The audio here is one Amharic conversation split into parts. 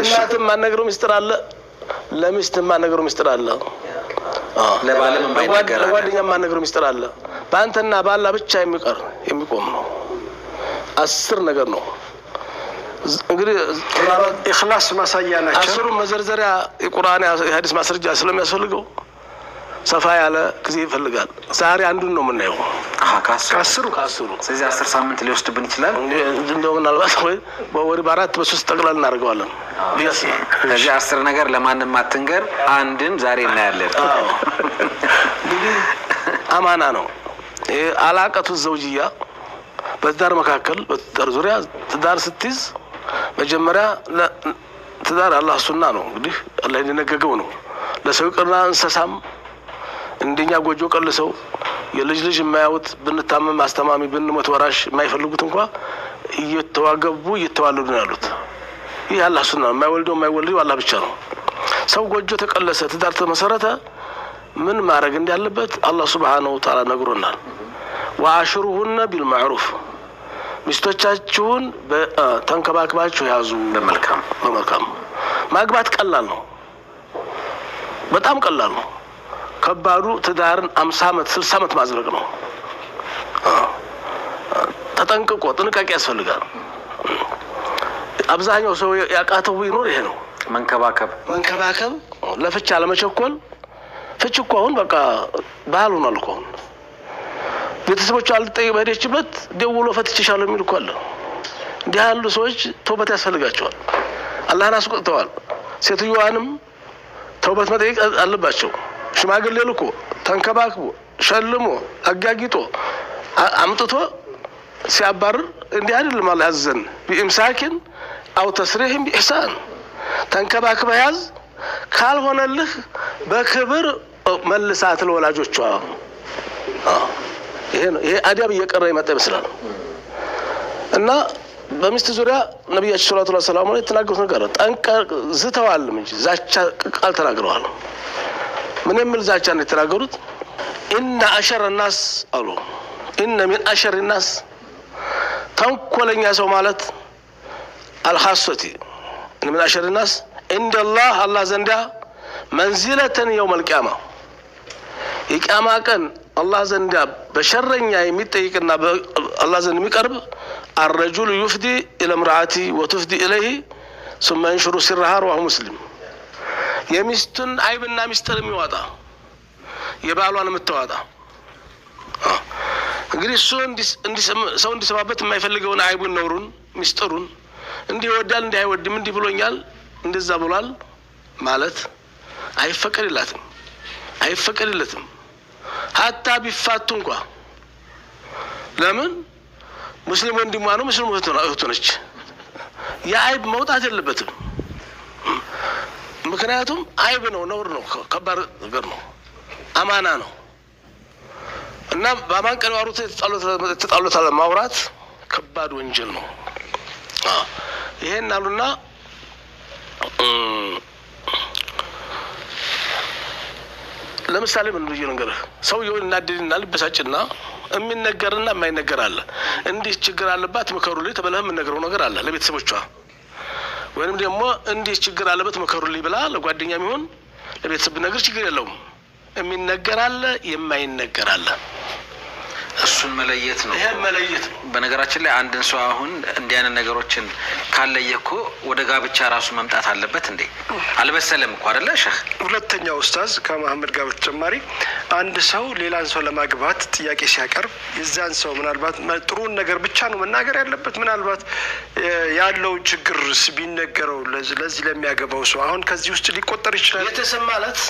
ለእናት የማነግረው ሚስጥር አለ። ለሚስት የማነግረው ሚስጥር አለ። ለጓደኛ የማነግረው ሚስጥር አለ። በአንተና ባላ ብቻ የሚቀር የሚቆም ነው። አስር ነገር ነው። እንግዲህ ኢኽላስ ማሳያ ናቸው። አስሩ መዘርዘሪያ የቁርአን የሀዲስ ማስረጃ ስለሚያስፈልገው ሰፋ ያለ ጊዜ ይፈልጋል። ዛሬ አንዱን ነው የምናየው ከአስሩ ከአስሩ። ስለዚህ አስር ሳምንት ሊወስድብን ይችላል። እንደው ምናልባት ወይ በወሪ በአራት በሶስት ጠቅላላ እናደርገዋለን። ከዚህ አስር ነገር ለማንም አትንገር። አንድን ዛሬ እናያለን። አማና ነው አላቀቱ ዘውጅያ በትዳር መካከል በትዳር ዙሪያ ትዳር ስትይዝ መጀመሪያ ትዳር አላህ ሱና ነው እንግዲህ አላህ የደነገገው ነው። ለሰው ይቅርና እንስሳም እንደኛ ጎጆ ቀልሰው የልጅ ልጅ የማያዩት ብንታመም አስተማሚ ብንሞት ወራሽ የማይፈልጉት እንኳ እየተዋገቡ እየተዋለዱ ነው ያሉት። ይህ አላህ ሱና ነው። የማይወልደው የማይወልደው አላህ ብቻ ነው። ሰው ጎጆ ተቀለሰ፣ ትዳር ተመሰረተ፣ ምን ማድረግ እንዳለበት አላህ ሱብሓነሁ ወተዓላ ነግሮናል። ወአሽሩሁነ ቢልማዕሩፍ ሚስቶቻችሁን ተንከባክባችሁ ያዙ። በመልካም በመልካም ማግባት ቀላል ነው፣ በጣም ቀላል ነው። ከባዱ ትዳርን አምሳ ዓመት ስልሳ ዓመት ማዝረግ ነው። ተጠንቅቆ ጥንቃቄ ያስፈልጋል። አብዛኛው ሰው ያቃተው ይኖር ይሄ ነው። መንከባከብ መንከባከብ፣ ለፍቻ አለመቸኮል። ፍች እኮ አሁን በቃ ባህል ሆኗል እኮ አሁን ቤተሰቦቿ አልጠይቅ በሄደችበት ደውሎ ፈትቼሻለሁ የሚል እኮ አለ። እንዲህ ያሉ ሰዎች ተውበት ያስፈልጋቸዋል። አላህን አስቆጥተዋል። ሴትዮዋንም ተውበት መጠየቅ አለባቸው። ሽማግሌ ልኮ ተንከባክቦ ሸልሞ አጋጊጦ አምጥቶ ሲያባርር እንዲህ አይደለም። አላዘን ቢኢምሳኪን አው ተስሪሕን ቢኢሕሳን ተንከባክበ ያዝ፣ ካልሆነልህ በክብር መልሳት ለወላጆቿ። ይሄ አዲያብ እየቀረ የመጣ ይመስላል። እና በሚስት ዙሪያ ነቢያችን ሰለላሁ ዐለይሂ ወሰለም የተናገሩት ነገር ጠንቀ ዝተዋልም እንጂ ዛቻ ቃል ተናግረዋል። ምን የሚል ዛቻ ነው የተናገሩት? እነ አሸር ናስ አሉ። እነ ሚን አሸር ናስ ተንኮለኛ ሰው ማለት አልሐሶቲ ምን አሸር ናስ እንደ ላህ አላህ ዘንዳ መንዚለተን የውመል ቂያማ የቅያማ ቀን አላህ ዘንዳ በሸረኛ የሚጠይቅና አላህ ዘንድ የሚቀርብ አረጁል ዩፍዲ ኢለምርአቲ ወቱፍዲ ኢለይህ ሱመ የንሽሩ ሲራሃ ረዋሁ ሙስሊም የሚስቱን አይብና ሚስጥር የሚዋጣ የባሏን የምትዋጣ እንግዲህ እሱ ሰው እንዲሰማበት የማይፈልገውን አይቡን፣ ነውሩን፣ ሚስጥሩን እንዲህ ይወዳል እንዲህ አይወድም እንዲህ ብሎኛል እንደዛ ብሏል ማለት አይፈቀድላትም አይፈቀድለትም። ሀታ ቢፋቱ እንኳ ለምን ሙስሊም ወንድሟ ነው፣ ሙስሊም እህቱ ነች። የአይብ መውጣት የለበትም። ምክንያቱም አይብ ነው፣ ነውር ነው፣ ከባድ ነገር ነው፣ አማና ነው እና በአማን ቀን ባሩት የተጣሉት ማውራት ከባድ ወንጀል ነው። ይሄን አሉና ለምሳሌ ምን ብዬ ነገርህ ሰውየው እናድድና ልበሳጭና የሚነገርና የማይነገር አለ። እንዲህ ችግር አለባት ምከሩ ልጅ ተብለህ የምነግረው ነገር አለ ለቤተሰቦቿ ወይም ደግሞ እንዲህ ችግር አለበት መከሩልኝ ብላ ለጓደኛ የሚሆን ለቤተሰብ ነገር ችግር የለውም። የሚነገር አለ፣ የማይነገር አለ። እሱን መለየት ነው። ይሄን መለየት ነው። በነገራችን ላይ አንድን ሰው አሁን እንዲህ አይነት ነገሮችን ካለየ እኮ ወደ ጋብቻ ራሱ መምጣት አለበት እንዴ? አልበሰለም እኮ አደለ ሸህ። ሁለተኛው ኡስታዝ ከመሀመድ ጋር በተጨማሪ አንድ ሰው ሌላን ሰው ለማግባት ጥያቄ ሲያቀርብ የዚያን ሰው ምናልባት ጥሩን ነገር ብቻ ነው መናገር ያለበት። ምናልባት ያለው ችግር ቢነገረው ለዚህ ለሚያገባው ሰው አሁን ከዚህ ውስጥ ሊቆጠር ይችላል። የተሰማለት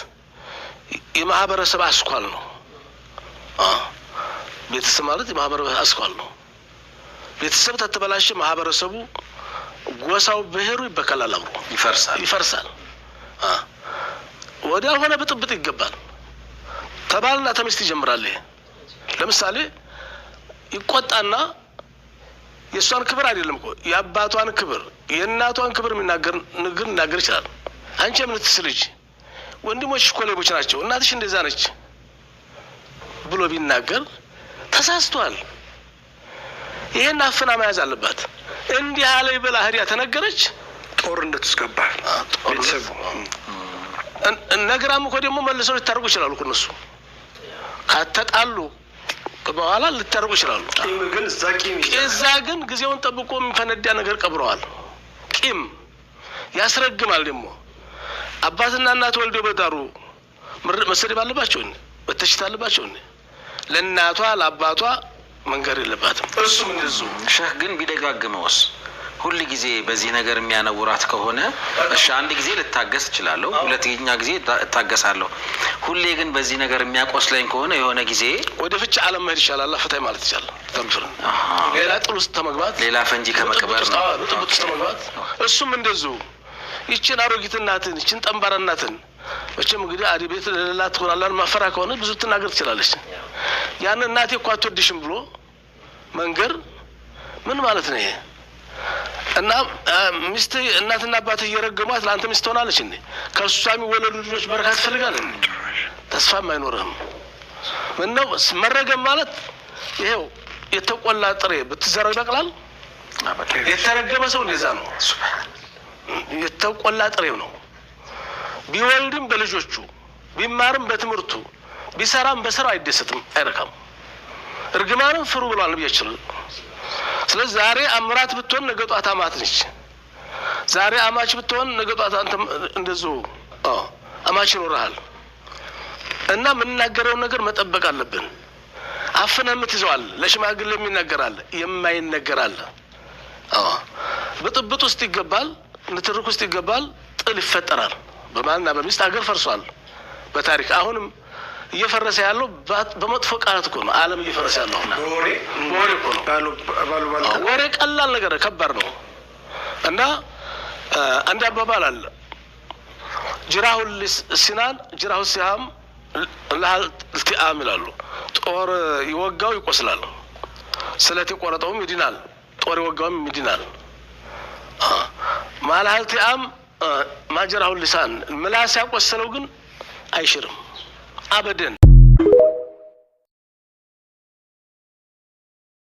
የማህበረሰብ አስኳል ነው። ቤተሰብ ማለት የማህበረ አስኳል ነው። ቤተሰብ ተተበላሸ፣ ማህበረሰቡ፣ ጎሳው፣ ብሔሩ ይበከላል፣ አብሮ ይፈርሳል ይፈርሳል። ወዲያ ያልሆነ ብጥብጥ ይገባል። ተባልና ተሚስት ይጀምራል። ለምሳሌ ይቆጣና የእሷን ክብር አይደለም እኮ የአባቷን ክብር የእናቷን ክብር የሚናገር ንግግር ሊናገር ይችላል። አንቺ የምንትስ ልጅ ወንድሞች እኮ ሌቦች ናቸው፣ እናትሽ እንደዛ ነች ብሎ ቢናገር ተሳስቷል። ይህን አፍና መያዝ አለባት። እንዲህ አለ ብላ ህዲያ ተነገረች፣ ጦርነት ውስጥ ገባ ቤተሰቡ። እኮ ደግሞ መልሰው ሊታደርጉ ይችላሉ እነሱ ከተጣሉ በኋላ ልታደርጉ ይችላሉ። እዛ ግን ጊዜውን ጠብቆ የሚፈነዳ ነገር ቀብረዋል። ቂም ያስረግማል። ደግሞ አባትና እናት ወልዶ በዳሩ መሰደብ አለባቸው፣ መተችት አለባቸው። ለእናቷ ለአባቷ መንገር የለባትም። እሱም ንዙ ሸህ ግን ቢደጋግመውስ ሁል ጊዜ በዚህ ነገር የሚያነውራት ከሆነ እሺ፣ አንድ ጊዜ ልታገስ እችላለሁ፣ ሁለተኛ ጊዜ እታገሳለሁ። ሁሌ ግን በዚህ ነገር የሚያቆስለኝ ከሆነ የሆነ ጊዜ ወደ ፍቺ አለም መሄድ ይቻላል። ፍታይ ማለት ይቻላል። ሌላ ጥል ውስጥ ተመግባት፣ ሌላ ፈንጂ ከመቅበር ነው ጥብጥ ተመግባት። እሱም እንደዚሁ ይችን አሮጊት እናትን ይችን ጠንባራ እናትን መቼም እንግዲህ አዲ ቤት ለሌላ ትሆናላን ማፈራ ከሆነ ብዙ ትናገር ትችላለች። ያን እናቴ እኮ አትወድሽም ብሎ መንገር ምን ማለት ነው ይሄ? እና ሚስት እናትና አባት እየረገሟት ለአንተ ሚስት ትሆናለች እንዴ? ከእሷ የሚወለዱ ልጆች በረካ ትፈልጋል ተስፋም አይኖርህም። ምነው መረገም ማለት ይሄው የተቆላ ጥሬ ብትዘረግ ይበቅላል። የተረገመ ሰው እንደዛ ነው። የተቆላ ጥሬው ነው። ቢወልድም በልጆቹ ቢማርም በትምህርቱ ቢሰራም በስራ አይደሰትም፣ አይረካም። እርግማንም ፍሩ ብሏል ብያችል። ስለዚህ ዛሬ አምራት ብትሆን ነገ ጧት አማት ነች። ዛሬ አማች ብትሆን ነገ ጧት አንተ እንደዚሁ አማች ይኖርሃል። እና የምንናገረውን ነገር መጠበቅ አለብን። አፍነ የምትይዘዋል። ለሽማግሌ የሚናገራል፣ የማይነገራል። ብጥብጥ ውስጥ ይገባል፣ ንትርክ ውስጥ ይገባል፣ ጥል ይፈጠራል። በማንና በሚስት አገር ፈርሷል በታሪክ አሁንም እየፈረሰ ያለው በመጥፎ ቃላት እኮ ነው። ዓለም እየፈረሰ ያለው ወሬ ቀላል ነገር ከባድ ነው እና አንድ አባባል አለ ጅራሁ ሲናን ጅራሁ ሲሃም ልትአም ይላሉ። ጦር ይወጋው ይቆስላል፣ ስለት የቆረጠውም ይድናል፣ ጦር ይወጋውም ይድናል። ማልሃል ቲአም ማጅራሁ ሊሳን ምላስ ያቆሰለው ግን አይሽርም። Aberdeen.